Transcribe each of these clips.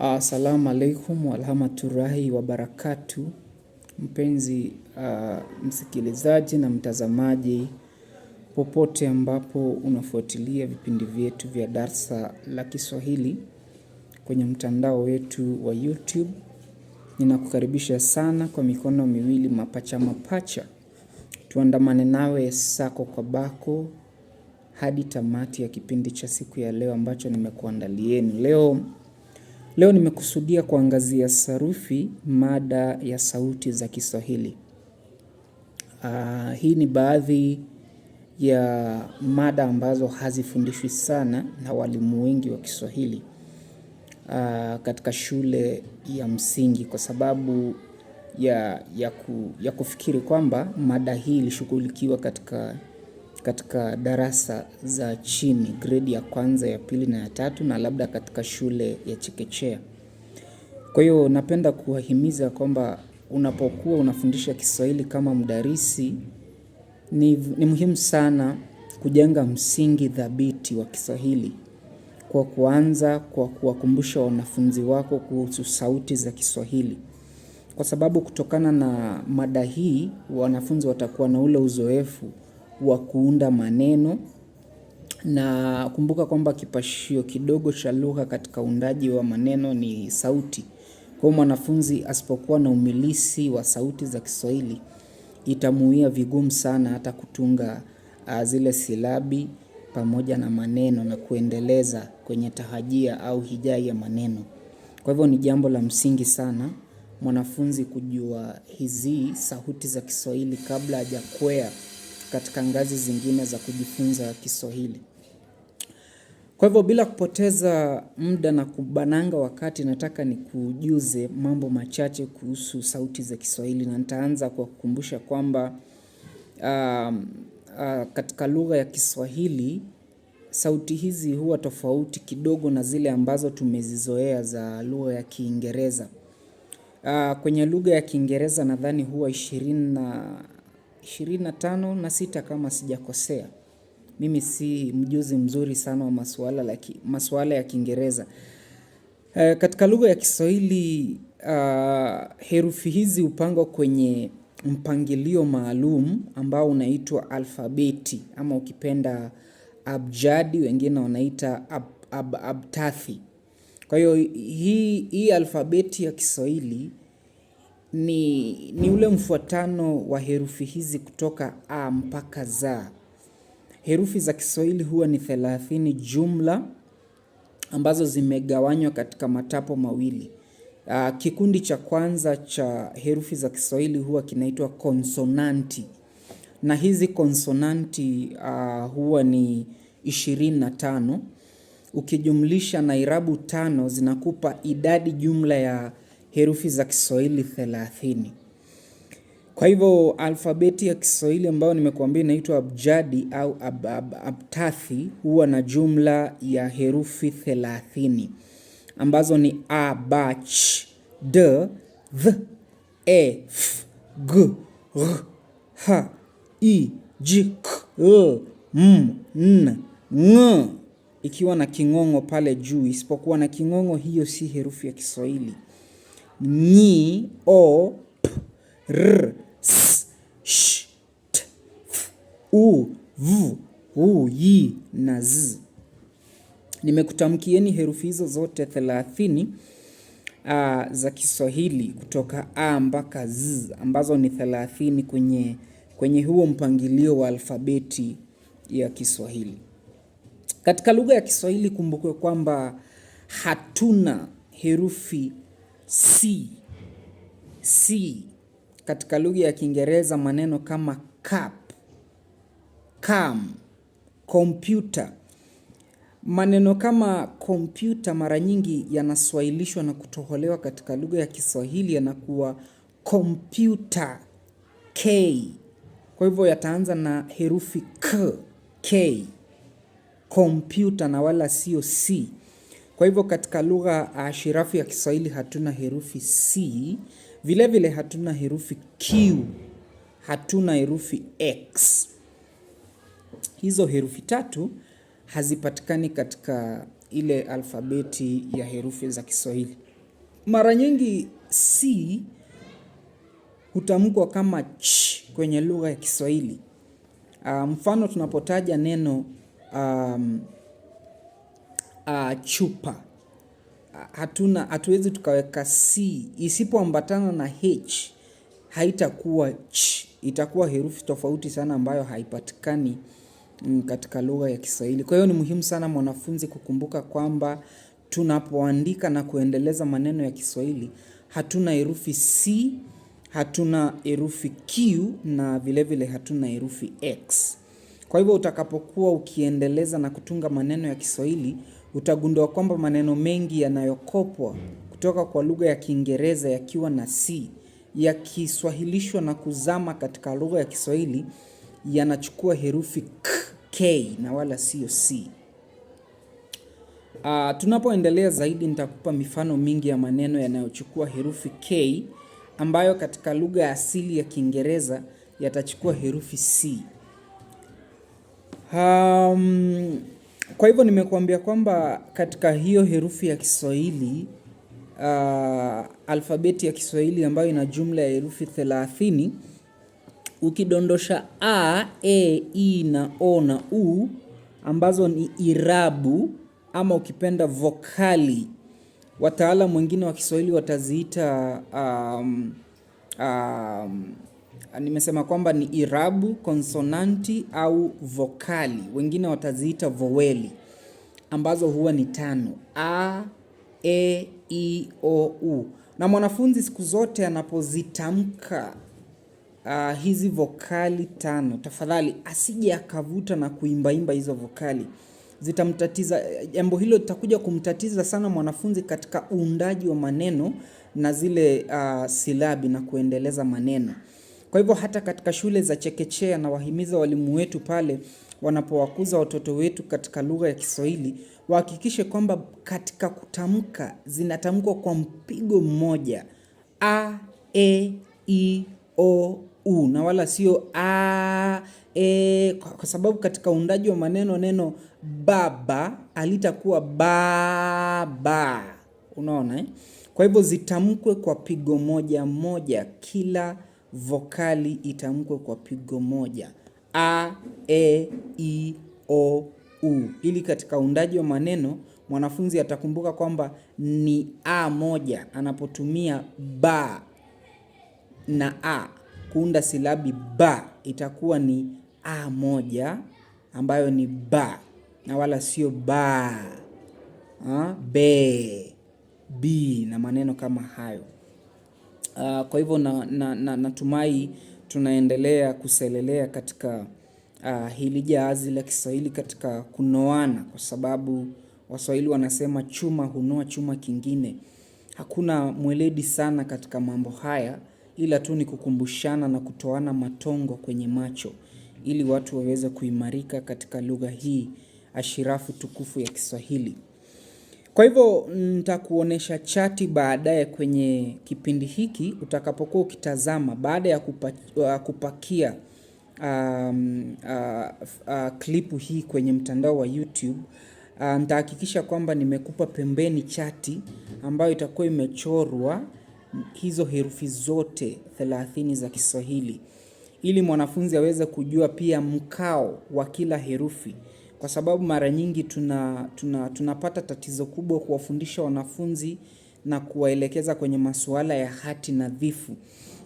Ah, assalamu alaikum warahmatullahi wabarakatu. Mpenzi uh, msikilizaji na mtazamaji popote ambapo unafuatilia vipindi vyetu vya darsa la Kiswahili kwenye mtandao wetu wa YouTube, ninakukaribisha sana kwa mikono miwili mapacha mapacha, tuandamane nawe sako kwa bako hadi tamati ya kipindi cha siku ya leo ambacho nimekuandalieni leo Leo nimekusudia kuangazia sarufi, mada ya sauti za Kiswahili. Uh, hii ni baadhi ya mada ambazo hazifundishwi sana na walimu wengi wa Kiswahili uh, katika shule ya msingi kwa sababu ya, ya, ku, ya kufikiri kwamba mada hii ilishughulikiwa katika katika darasa za chini, gredi ya kwanza, ya pili na ya tatu, na labda katika shule ya chekechea. Kwa hiyo napenda kuwahimiza kwamba unapokuwa unafundisha Kiswahili kama mdarisi, ni, ni muhimu sana kujenga msingi dhabiti wa Kiswahili kwa kuanza kwa kuwakumbusha wanafunzi wako kuhusu sauti za Kiswahili, kwa sababu kutokana na mada hii wanafunzi watakuwa na ule uzoefu wa kuunda maneno na kumbuka kwamba kipashio kidogo cha lugha katika uundaji wa maneno ni sauti. Kwa mwanafunzi asipokuwa na umilisi wa sauti za Kiswahili, itamuia vigumu sana hata kutunga zile silabi pamoja na maneno na kuendeleza kwenye tahajia au hijai ya maneno. Kwa hivyo ni jambo la msingi sana, mwanafunzi kujua hizi sauti za Kiswahili kabla hajakwea katika ngazi zingine za kujifunza Kiswahili. Kwa hivyo bila kupoteza muda na kubananga wakati, nataka nikujuze mambo machache kuhusu sauti za Kiswahili na nitaanza kwa kukumbusha kwamba uh, uh, katika lugha ya Kiswahili sauti hizi huwa tofauti kidogo na zile ambazo tumezizoea za lugha ya Kiingereza. Uh, kwenye lugha ya Kiingereza nadhani huwa ishirini na 25 na na sita kama sijakosea. Mimi si mjuzi mzuri sana wa masuala laki, masuala ya Kiingereza. E, katika lugha ya Kiswahili uh, herufi hizi hupangwa kwenye mpangilio maalum ambao unaitwa alfabeti ama ukipenda abjadi, wengine wanaita ab, ab, abtathi. Kwa hiyo hii, hii alfabeti ya Kiswahili ni, ni ule mfuatano wa herufi hizi kutoka a mpaka za. Herufi za Kiswahili huwa ni thelathini jumla ambazo zimegawanywa katika matapo mawili. Uh, kikundi cha kwanza cha herufi za Kiswahili huwa kinaitwa konsonanti na hizi konsonanti uh, huwa ni ishirini na tano ukijumlisha na irabu tano zinakupa idadi jumla ya herufi za Kiswahili thelathini. Kwa hivyo alfabeti ya Kiswahili ambayo nimekuambia inaitwa abjadi au ab, ab, abtathi huwa na jumla ya herufi thelathini ambazo ni a, b, ch, d, th, e, f, g, r, h, i, j, k, l, m, n, ng, ikiwa na king'ong'o pale juu. Isipokuwa na king'ong'o, hiyo si herufi ya Kiswahili nyi, o, p, r, s, sh, t, f, u, v, u, y na z. Nimekutamkieni herufi hizo zote thelathini uh, za Kiswahili kutoka a mpaka z ambazo ni thelathini kwenye, kwenye huo mpangilio wa alfabeti ya Kiswahili. Katika lugha ya Kiswahili kumbukwe kwamba hatuna herufi C. C. Katika lugha ya Kiingereza maneno kama cup, cam, kompyuta. Maneno kama kompyuta mara nyingi yanaswahilishwa na kutoholewa katika lugha ya Kiswahili yanakuwa kompyuta K. Kwa hivyo yataanza na herufi k, K. Kompyuta na wala sio C. Kwa hivyo katika lugha uh, shirafu ya Kiswahili hatuna herufi C, vilevile vile hatuna herufi Q, hatuna herufi X. Hizo herufi tatu hazipatikani katika ile alfabeti ya herufi za Kiswahili. Mara nyingi C hutamkwa kama ch kwenye lugha ya Kiswahili. Uh, mfano tunapotaja neno um, uh, chupa hatuna hatuwezi tukaweka c isipoambatana na h haitakuwa ch, itakuwa herufi tofauti sana ambayo haipatikani mm, katika lugha ya Kiswahili. Kwa hiyo ni muhimu sana mwanafunzi kukumbuka kwamba tunapoandika na kuendeleza maneno ya Kiswahili hatuna herufi c, hatuna herufi q na vilevile vile hatuna herufi x. Kwa hivyo utakapokuwa ukiendeleza na kutunga maneno ya Kiswahili Utagundua kwamba maneno mengi yanayokopwa kutoka kwa lugha ya Kiingereza yakiwa na C yakiswahilishwa na kuzama katika lugha ya Kiswahili yanachukua herufi K, K na wala sio C. Uh, tunapoendelea zaidi nitakupa mifano mingi ya maneno yanayochukua herufi K ambayo katika lugha ya asili ya Kiingereza yatachukua herufi C. Um, kwa hivyo nimekuambia kwamba katika hiyo herufi ya Kiswahili uh, alfabeti ya Kiswahili ambayo ina jumla ya herufi 30 ukidondosha a, e, i na o na u ambazo ni irabu ama ukipenda vokali, wataalamu wengine wa Kiswahili wataziita um, um, nimesema kwamba ni irabu, konsonanti au vokali, wengine wataziita voweli ambazo huwa ni tano: a, e, i, o, u. Na mwanafunzi siku zote anapozitamka uh, hizi vokali tano, tafadhali asije akavuta na kuimbaimba hizo vokali, zitamtatiza. Jambo hilo litakuja kumtatiza sana mwanafunzi katika uundaji wa maneno na zile uh, silabi na kuendeleza maneno. Kwa hivyo hata katika shule za chekechea na wahimiza walimu wetu pale wanapowakuza watoto wetu katika lugha ya Kiswahili wahakikishe kwamba katika kutamka zinatamkwa kwa mpigo mmoja a, e, i, o, u na wala sio a, e, kwa sababu katika uundaji wa maneno neno baba alitakuwa baba. Unaona eh? Kwa hivyo zitamkwe kwa pigo moja moja kila vokali itamkwe kwa pigo moja a, e, i, o, u, ili katika uundaji wa maneno mwanafunzi atakumbuka kwamba ni a moja anapotumia ba na a kuunda silabi ba itakuwa ni a moja ambayo ni ba na wala sio ba ha? be b na maneno kama hayo. Uh, kwa hivyo na, na, na, natumai tunaendelea kuselelea katika uh, hili jahazi la Kiswahili katika kunoana, kwa sababu Waswahili wanasema chuma hunoa chuma kingine. Hakuna mweledi sana katika mambo haya, ila tu ni kukumbushana na kutoana matongo kwenye macho ili watu waweze kuimarika katika lugha hii ashirafu tukufu ya Kiswahili. Kwa hivyo nitakuonesha chati baadaye kwenye kipindi hiki utakapokuwa ukitazama baada ya kupa, kupakia um, uh, uh, klipu hii kwenye mtandao wa YouTube. Uh, nitahakikisha kwamba nimekupa pembeni chati ambayo itakuwa imechorwa hizo herufi zote thelathini za Kiswahili ili mwanafunzi aweze kujua pia mkao wa kila herufi kwa sababu mara nyingi tuna, tuna, tunapata tatizo kubwa kuwafundisha wanafunzi na kuwaelekeza kwenye masuala ya hati nadhifu.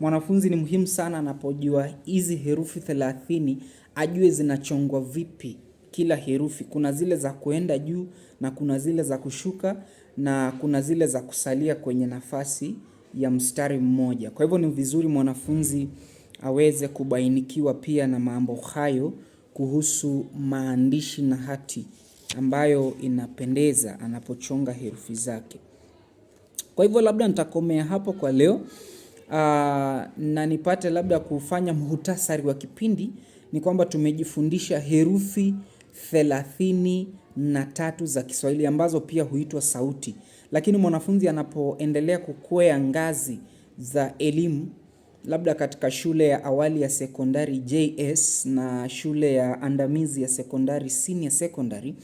Mwanafunzi ni muhimu sana anapojua hizi herufi thelathini ajue zinachongwa vipi kila herufi. Kuna zile za kuenda juu na kuna zile za kushuka na kuna zile za kusalia kwenye nafasi ya mstari mmoja. Kwa hivyo ni vizuri mwanafunzi aweze kubainikiwa pia na mambo hayo kuhusu maandishi na hati ambayo inapendeza anapochonga herufi zake. Kwa hivyo labda nitakomea hapo kwa leo. Aa, ah, na nipate labda kufanya muhtasari wa kipindi ni kwamba tumejifundisha herufi thelathini na tatu za Kiswahili ambazo pia huitwa sauti. Lakini mwanafunzi anapoendelea kukwea ngazi za elimu labda katika shule ya awali ya sekondari JS na shule ya andamizi ya sekondari senior secondary,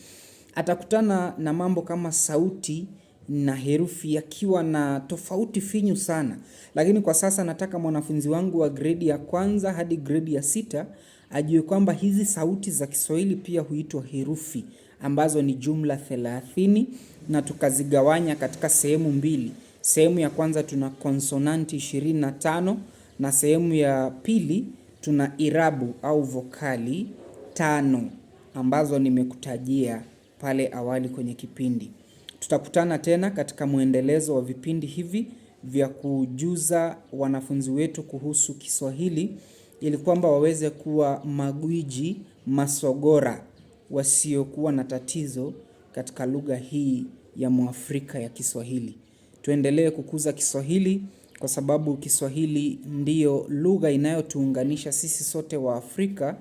atakutana na mambo kama sauti na herufi yakiwa na tofauti finyu sana, lakini kwa sasa nataka mwanafunzi wangu wa gredi ya kwanza hadi gredi ya sita ajue kwamba hizi sauti za Kiswahili pia huitwa herufi ambazo ni jumla thelathini, na tukazigawanya katika sehemu mbili. Sehemu ya kwanza tuna konsonanti 25 na sehemu ya pili tuna irabu au vokali tano ambazo nimekutajia pale awali kwenye kipindi. Tutakutana tena katika mwendelezo wa vipindi hivi vya kujuza wanafunzi wetu kuhusu Kiswahili ili kwamba waweze kuwa magwiji masogora wasiokuwa na tatizo katika lugha hii ya Mwafrika ya Kiswahili. Tuendelee kukuza Kiswahili kwa sababu Kiswahili ndiyo lugha inayotuunganisha sisi sote wa Afrika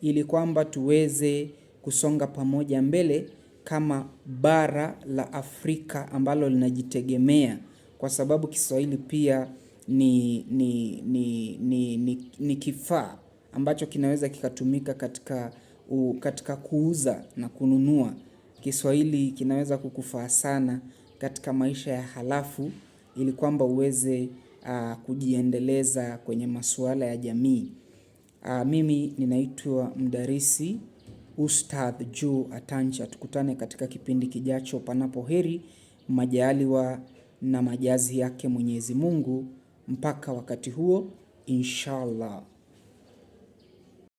ili kwamba tuweze kusonga pamoja mbele kama bara la Afrika ambalo linajitegemea kwa sababu Kiswahili pia ni ni ni ni ni ni kifaa ambacho kinaweza kikatumika katika u, katika kuuza na kununua. Kiswahili kinaweza kukufaa sana katika maisha ya halafu ili kwamba uweze uh, kujiendeleza kwenye masuala ya jamii. Uh, mimi ninaitwa mdarisi Ustadh Juu Atancha. Tukutane katika kipindi kijacho, panapo heri majaliwa na majazi yake Mwenyezi Mungu. Mpaka wakati huo, inshallah.